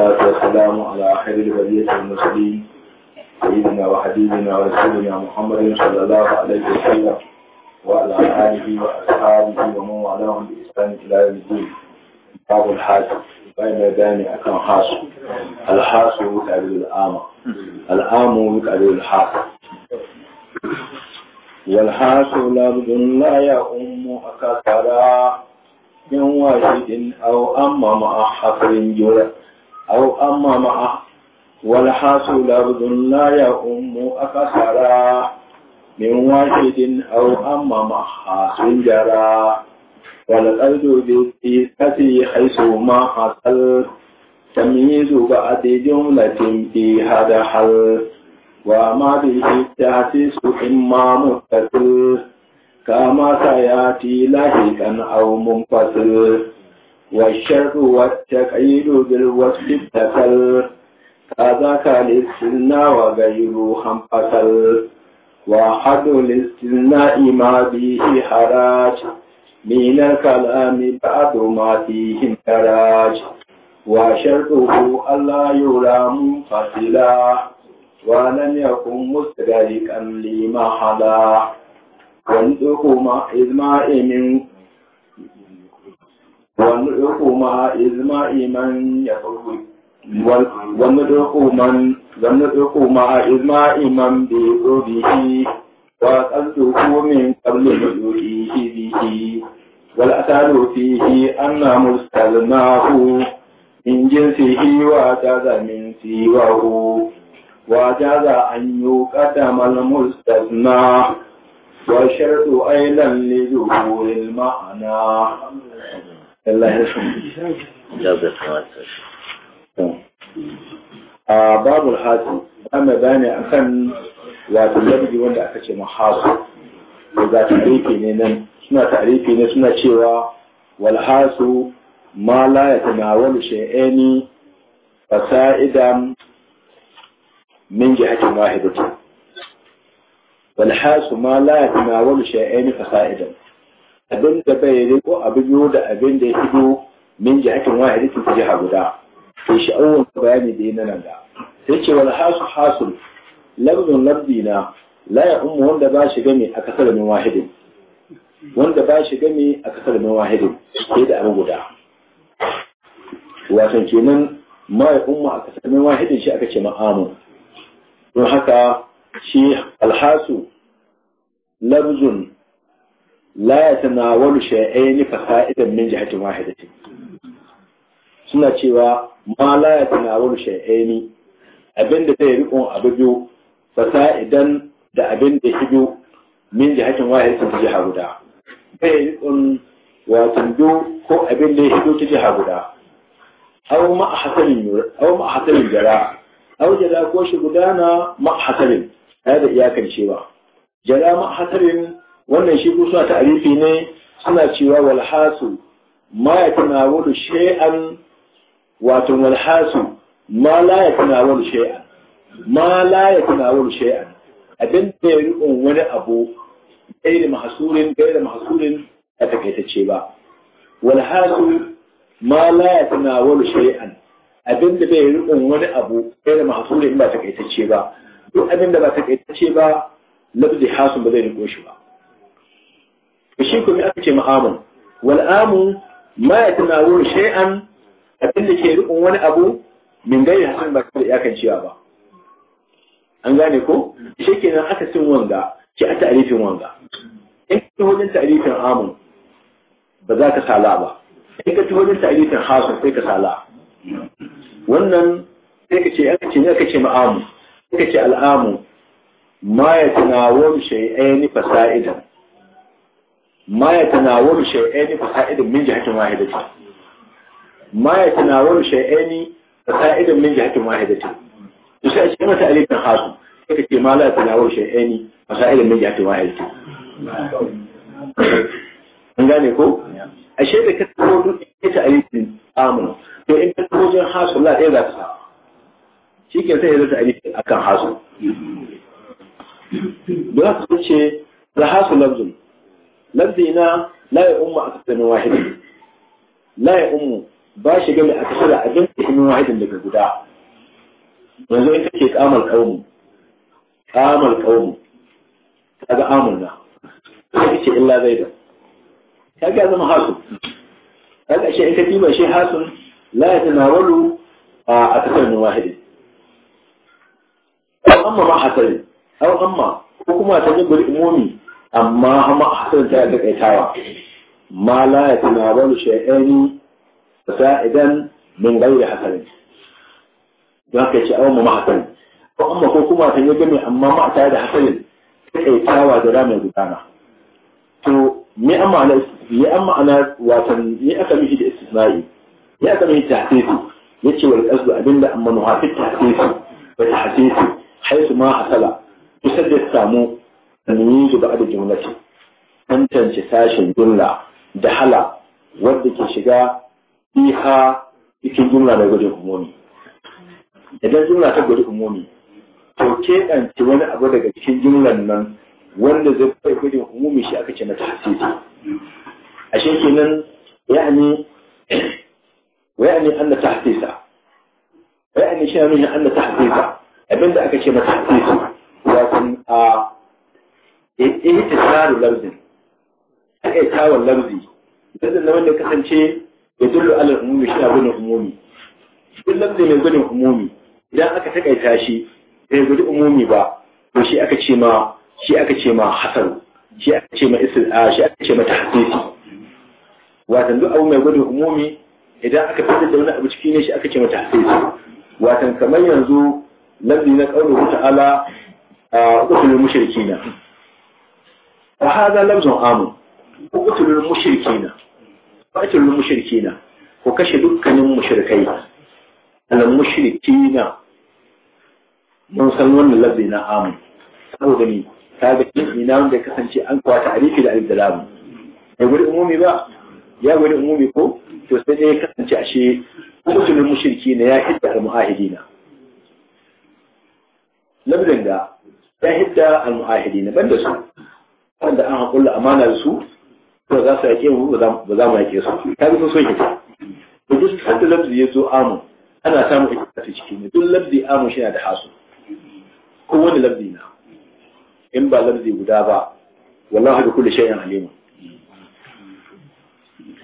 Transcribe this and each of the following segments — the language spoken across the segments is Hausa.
والصلاة والسلام على آخر البرية المرسلين سيدنا وحبيبنا ورسولنا محمد صلى الله عليه وسلم وعلى آله وأصحابه ومن والاهم بإحسان إلى يوم الدين باب الحاسب بين يداني أكرم حاسب الحاسب يتعب الآمة الآم يتعب الحاسب والحاسب لابد لا أم أكثر من واحد أو أما مع حفر أو أما معه والحاصل أبذل يا أم أكسرا من واحد أو أما مع حاصل جرى والقلب بالثقة حيث ما حصل تمييز بعد جملة في هذا حل وما به تحسس إما متصل كما سيأتي لاحقا أو منفصل والشرك والتقييد بالوصف اتكل كذاك الاستثناء وغير خمقتل وأحد الاستثناء ما به حراج من الكلام بعد ما فيه حراج وشرطه ألا يرى منفصلا ولم يكن مستدركا لمحلا وانتقم إذ ما إمن wani ɗauko ma ya zama iman ya farko wani ɗauko man wani ma ya zama iman da ya wa tsantsu ko min ƙarfi da zuri shi bi shi wal an na mustalmahu in jin shi shi wa ta zamin wa ku wa ta za an yi ƙaddamar mustalma wa shartu ailan lizuhurin ma'ana. الا آه، باب الحاجم اما باني اكن وادلبدي وندا اكاچه محاضر اذا تعريفي نينن سنا لا يتناول شيئين فسائدا من جهة واحدة abin da bai yi ko abin biyo da abin da ya fito min wa wahidatin ta jiha guda sai shi awon bayani da yana nan da sai ce wal hasu hasu lafzun lafzi na la ya ummu wanda ba shi gami a kasar min wahidin wanda ba shi game a kasar min wahidin sai da abu guda wato kenan ma ya umma a kasar min wahidin shi aka ce ma'amun don haka shi alhasu lafzun la yatanawalu shay'ain fasa'idan min jihatin wahidatin suna cewa ma la yatanawalu shay'ain abinda zai rikon abu biyu fasa'idan da abinda ya biyu min jihatin wahidatin ta jiha guda bai rikon wato biyu ko abinda ya biyu ta jiha guda aw ma hasalin aw jara aw jara ko gudana ma hasalin da iyakan cewa jara ma hasalin wannan shi kusa ta arifi ne suna cewa walhasu ma ya tunawalu shay'an wato walhasu ma la ya tunawalu shay'an ma la ya tunawalu shay'an abin da ya riƙon wani abu ɗaya da mahasurin ɗaya da mahasurin a takaitacce ba walhasu ma la ya tunawalu shay'an abin da bai riƙon wani abu ɗaya da mahasurin ba takaitacce ba duk abin da ba takaitacce ba lafzi hasun ba zai riƙo shi ba shi ko aka ce ma'amun wal amu ma yatanawu shay'an abin da ke rikon wani abu min gani hasan ba da kan cewa ba an gane ko shi kenan aka cin wanga ki a ta'arifin wanga in ka wajen ta'arifin amun ba za ka sala ba in ka wajen ta'arifin hasan sai ka sala wannan sai ka ce aka ce ne aka ce ma'amu sai ka ce al'amu ma ya tunawo ni fasa'idan ma ya tanawar shay'ani fasa'idin min jihatin wahidatin ma ya tanawar shay'ani fasa'idin min jihatin wahidatin to sai a ce mata alifin hasu sai ka ce ma la tanawar shay'ani fasa'idin min jihatin wahidatin an gane ko ashe da ka tsoro duk ita alifin amana to in ka tsoro jin hasu la ɗaya shi ke ya zata ce lafzina na ya umma a kasanin wahidin la ya ummu ba shi gami a kasar a jin kasanin wahidin daga guda yanzu in kake kamar kaumu kamar kaumu kaga amurna kaga ce illa zaida kaga zama hasu kaga shi in ka shi a أو أما ما حصل أو أما حكومة تجبر إمومي amma kuma hasan ta da kaitawa ma la ya tanabalu shay'an fasa'idan min ghairi hasan don ka ce awon ma hasan ko amma ko kuma ta yake mai amma ma ta da hasan kaitawa da ramin gudana to me amma na me amma ana watan me aka mishi da istisna'i ya aka mishi Ya yace wal qasdu abinda amma nuhafi tahsisu ta tahsisu haisu ma hasala kusa da samu tanwizu ba da jumlati tantance sashen jumla da hala wadda ke shiga iha cikin jumla mai gudun umumi idan jumla ta gwada umumi to ke ɗanci wani abu daga cikin jumlan nan wanda zai kai gudun umumi shi aka ce na tasiri ashe kenan yani wayani anna tahsisa wayani shi ne anna tahsisa abinda aka ce na tahsisa wato a ihtisaru lafzin takaitawan lafzi lafzin na wanda kasance ya dullu alal umumi shi gudun umumi duk lafzi mai gudun umumi idan aka takaita shi bai gudu umumi ba to shi aka ce ma shi aka ce ma hasaru shi aka ce ma isra shi aka ce ma tahdisi watan duk abu mai gudun umumi idan aka fitar da wani abu ciki ne shi aka ce ma tahdisi watan kamar yanzu lafzi na kaulu ta'ala a usulul mushrikina wa hadha lamzun amu ku kutulul mushrikina ku kutulul mushrikina ku kashe dukkanin mushrikai al mushrikina mun san wannan labbi na amu saboda ni ta ga ina wanda ya kasance an kwata alifi da alif da lamu ya gudu umumi ba ya ko to sai ya kasance ashe mutumin ya hidda ya hidda su wanda an haƙulla amana da su to za su yaƙe mu ba za mu yaƙe su ta bi so yake to duk sanda labzi ya zo amu ana samun ikhlasi ciki ne duk labzi amu shi da hasu ko wani labzi na in ba labzi guda ba wallahi da kulli shay'in alim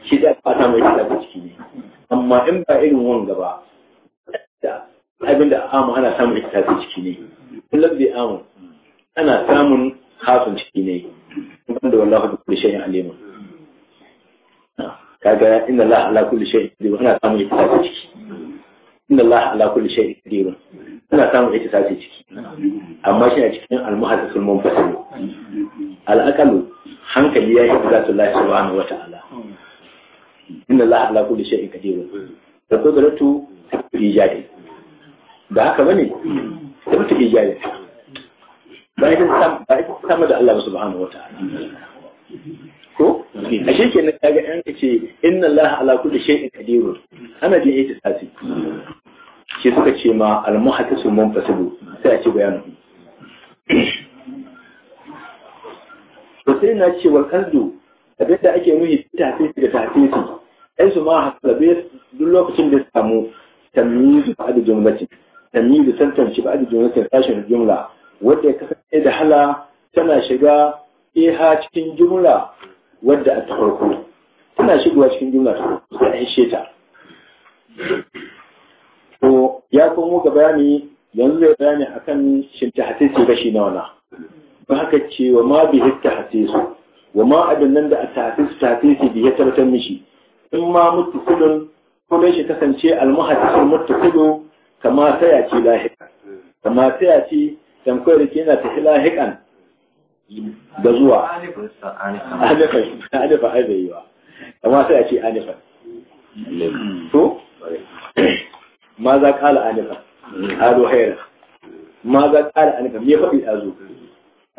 shi da ba samun ikhlasi ciki ne amma in ba irin wanga ba abinda da amu ana samun ikhlasi ciki ne duk labzi amu ana samun hasun ciki ne wanda wallah bi kulli shay'in alim ah, kaga inna Allah ala kulli shay'in qadir ana samun ittifaqi ciki inna Allah ala kulli shay'in qadir ana samun ittifaqi ciki amma shi a cikin almuhaddisul munfasil al-aqalu hankali ya yi zatu Allah subhanahu wata'ala inna Allah ala kulli shay'in qadir da kudratu ijadi da haka bane kudratu ijadi ba ita sama da Allah subhanahu wa ta'ala ko a ke na kaga yanka ka ce inna Allah ala kulli shay'in qadirun ana jin ita tasi shi suka ce ma al muhaddisu munfasilu sai a ce bayanin to sai na ce wal qaldu abin da ake nuhi tafisi da tafisi ɗan su ma hasabe duk lokacin da samu tamyizu ba'd jumlatin tamyizu tantance ba'd jumlatin sashin jumla wadda ya kasance da hala tana shiga iha cikin jumla wadda a ta farko tana shigowa cikin jumla ta farko sai an sheta to ya komo ga bayani yanzu zai bayani akan shin ta hatisi gashi na wana ba haka ce wa ma bi hitta su, wa ma abin nan da a ta su ta su bi ya wata mishi in ma mutu kudin kudin shi kasance almuhatisul mutu kudu kama ta ce lahika. kama ta ce. tamkwai da ke yana tafi lahikan da zuwa alifan ai bai yi wa? amma sai a ce alifan to ma za kala alifan ado haira ma za kala alifan me faɗi a zo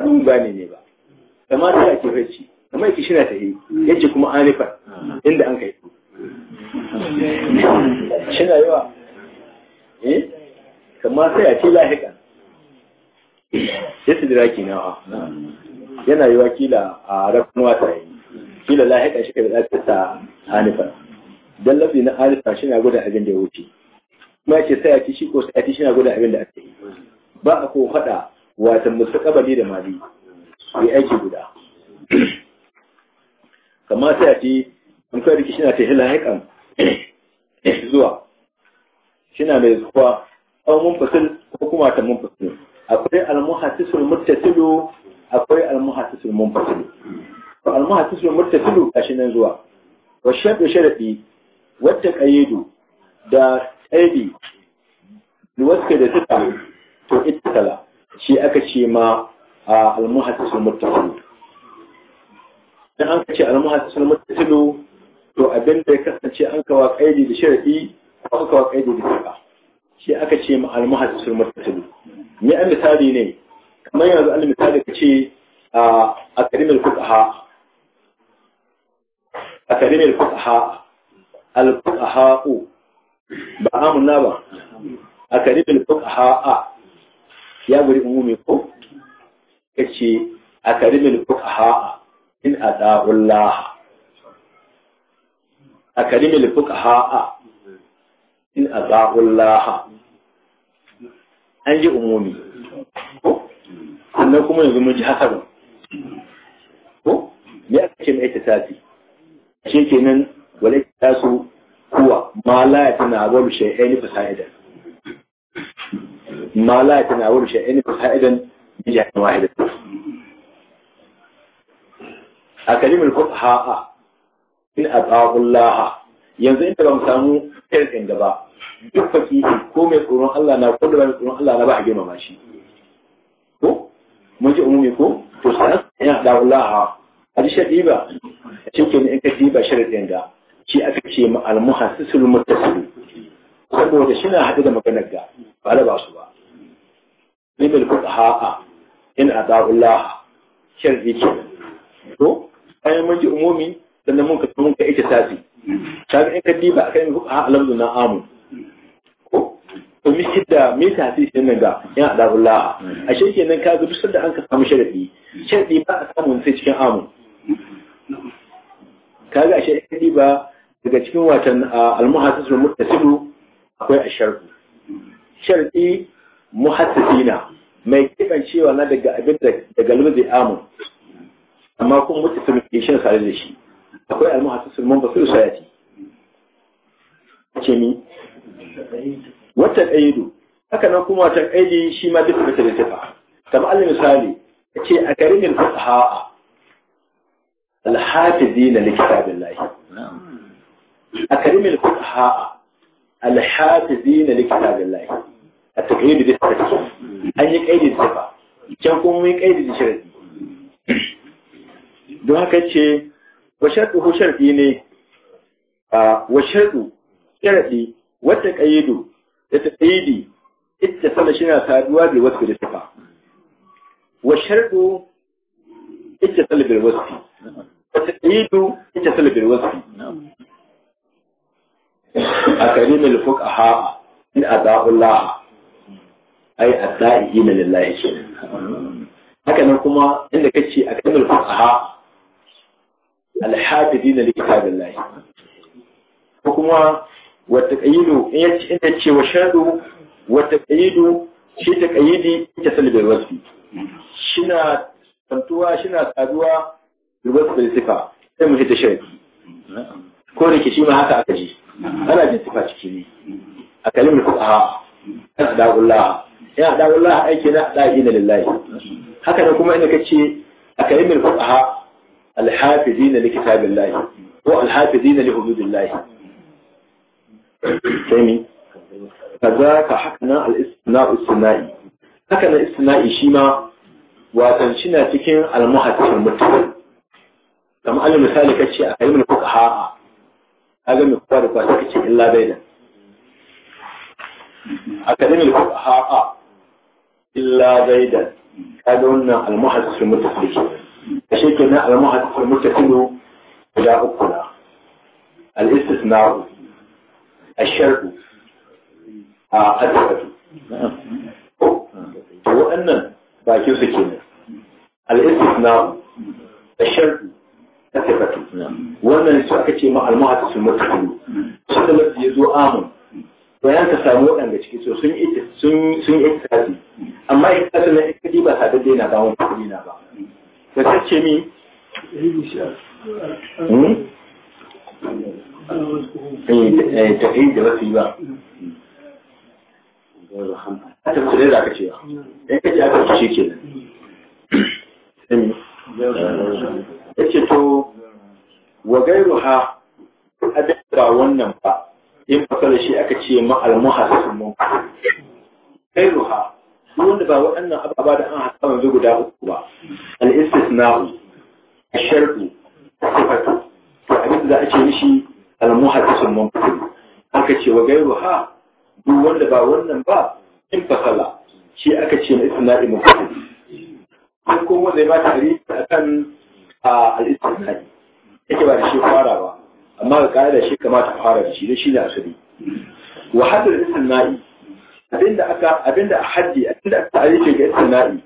ɗin gane ne ba kamar sai a ke farci amma yake shi na ta yi yace kuma alifan inda an kai shi na yawa eh kamar sai a ce lahikan yasu da jira na nawa ah, yana yi wakila a ah, rafin wata yi kila lahika shi ka bi ta hannufa don lafi na hannufa shi na gudun abin da ya wuce kuma ce sai a kishi shi ko sai a kishi na gudun abin da ake yi ba a ko faɗa wata musu kabali da mali yi aiki guda kamar sai a ce an kawai riki na ta yi lahikan zuwa na mai zuwa tsawon mun fasil ko kuma ta mun fasil akwai almuhatisul muttasilu akwai almuhatisul munfasilu to almuhatisul muttasilu gashi nan zuwa wa shartu sharadi wata qayyidu da qaidi duwatka da tuka to ittala shi aka ce ma almuhatisul muttasilu dan an ce almuhatisul muttasilu to abinda ya kasance an kawa qaidi da sharadi an kawa qaidi da tuka shi aka ce ma almuhaddisul muttasil me an misali ne kamar yanzu an misali ka ce a akademiyar fuqaha akademiyar fuqaha al fuqaha ba amuna ba akademiyar fuqaha a ya guri umumi ko kace akademiyar fuqaha in ada'ullah akademiyar fuqaha in ada'ullah an ji umumi ko sannan kuma yanzu mun ji hasaru ko ya aka ce ta tafi shi kenan wale su kuwa ma la ya tana wal shay'ani fasaidan ma la ya tana wal shay'ani fasaidan bi jahan wahidan a kalimar fuqaha in ataqallaha yanzu inda ba mu samu irin da ba duk fasihi ko mai tsoron Allah na ko da mai tsoron Allah na ba a girmama shi ko mun ji umumi ko to sai ya da Allah a ji shadiba cikin in ka diba sharadin da shi aka ce ma al-muhassisul muttasil saboda shi na hadu da maganar ga ba la ba su ba libil fuqaha in ada'u Allah sharri ke to bayan mun ji umumi sannan mun ka mun ka ita tafi kaga in ka diba akan fuqaha lafzun na amun to mi kidda me ta fi shi nan ga ya da bulla a shi kenan ka zubi sanda an ka samu sharadi sharadi ba a samu sai cikin amu ka a sharadi ba daga cikin watan al-muhassisul muttasilu akwai asharu sharadi muhassisina mai cewa na daga abin da daga lumzi amu amma kuma muttasilu ke shi sare da shi akwai al-muhassisul munfasil sayati ce ni wata ƙaidu haka nan kuma wata ƙaidi shi ma bisa da da tafa kamar alal misali ce a karimin fasaha alhafizina likitabillahi a karimin fasaha alhafizina likitabillahi a takribi da tafi an yi ƙaidi da tafa can kuma mun ƙaidi da sharadi don haka ce wa sharɗu sharɗi ne wa sharɗu sharɗi wata ƙaidu da ta tsaye ita sama shi na saduwa da wasu da suka. wa sharɗu ita salibir wasu wa tsayidu ita salibir wasu a karimin lufuk a ha'a in a za'ula ai a za'i sa'ihi na lillahi shi haka nan kuma inda kace a karimin lufuk a ha'a alhadidi na likitabin lahi ko kuma wa taqyidu in yace inda ce shi taqyidi ta salbal wasfi shina tantuwa shina saduwa bil wasfi sifa da ke shi ma haka aka ji ana jin sifa ciki ne a kalimar fuqaha aiki na asdaqina lillahi haka da kuma inda kace a kalimar fuqaha ko alhafizina lihududillah ثاني هذا حكنا الاستثناء الثنائي حكنا الاستثناء شيما وتنشينا تكين المحاكم المتفق كما قال المثال كتشي أقيم الفقهاء هذا من قوار قوار كتشي إلا بينا أقيم الفقهاء إلا بينا هذا هنا المحاكم المتفق أشيكنا المحاكم المتفق إلى أقلا الاستثناء ashardu a adabatu to wannan bakin su ke nan, kenan al-istisna ashardu adabatu wannan su aka ce ma al-mu'atis al-mutakallim su da mafi yazo amun bayan ka samu waɗanda ciki so sun yi sun yi ikhtasi amma ikhtasi na ikhtasi ba sadar da yana ba wani kuɗi na ba da ce mi eh, eh tafi da wasu ba ta kudin da aka ce ba ya kace aka kushe ke nan ya ce to wa gairu ha abin ba wannan ba in fasala shi aka ce ma almuhasin mun gairu ha wanda ba waɗannan ababa da an haɗa wanzu guda uku ba al-istisna'u al-shartu sifatu to abin da za a ce mishi al-muhaddisul munfasil aka ce wa gairu ha duk wanda ba wannan ba in fasala shi aka ce na isna'i munfasil sai ko wanda ya ba ta hari akan al-isna'i yake ba da shi fara ba amma ga kaida shi kamata fara da shi da shi ne asali wa hadd al abinda aka abinda haddi abinda aka tarihi ga isna'i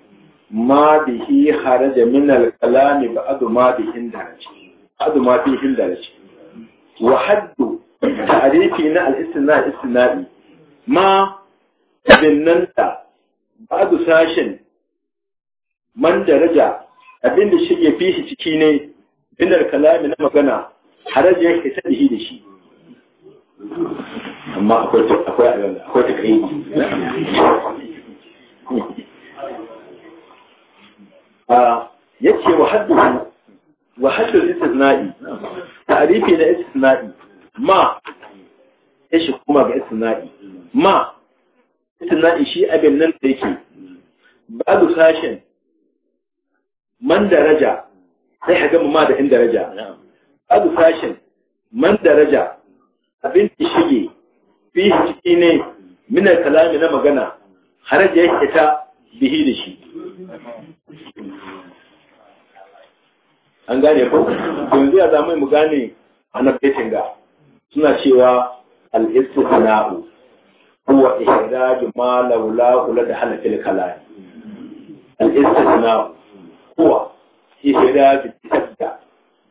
ma bihi kharaja min al-kalami ba'd ma bihi inda ba'd ma bihi inda وحد تعريف ta'arifi na al-istina istina'i ma binnanta ba'du sashin man daraja abin da shi ya fi shi ciki ne binar kalami na magana haraji yake ta dihi da shi amma akwai akwai akwai ta kai a ah, yace wa haddu wa ta'arifi na istisna'i ma ya shi kuma ga istisna'i ma istisna'i shi abin nan da yake babu sashen man daraja sai ka gama ma da in daraja babu sashen man daraja abin da shige fi ciki ne minar kalami na magana har da yake ta bihi da shi an gane ko yanzu ya zama mu gane annabaitin ga suna cewa al-istisna'u huwa ihraju ma laula kula da halafil kalam al-istisna'u huwa ihraju tasda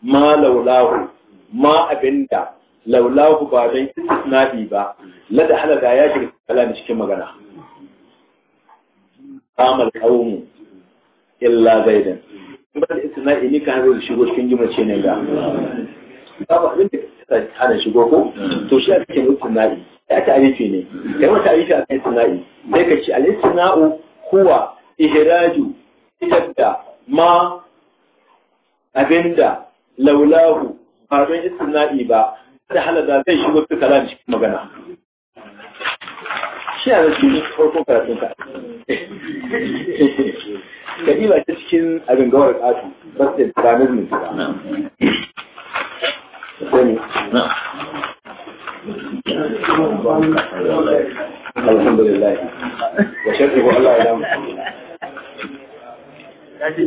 ma laula ma abinda laula ba don istisna'i ba lada hala da ya shiga kalam cikin magana amal mu illa zaidan Kuma ba da isna'i ni ka zo shigo cikin jimar ce ne ga babu abin da ta hana shigo ko to shi ake cikin isna'i ya ta arifi ne kai wata arifi a kan isna'i sai ka ce al-isna'u huwa ihraju idda ma abinda laulahu ba don isna'i ba da halada zai shigo cikin kalam cikin magana shi a cikin farko karatun ka kabila ta cikin abin gawar ƙasa ba su da ranar mai alhamdulillah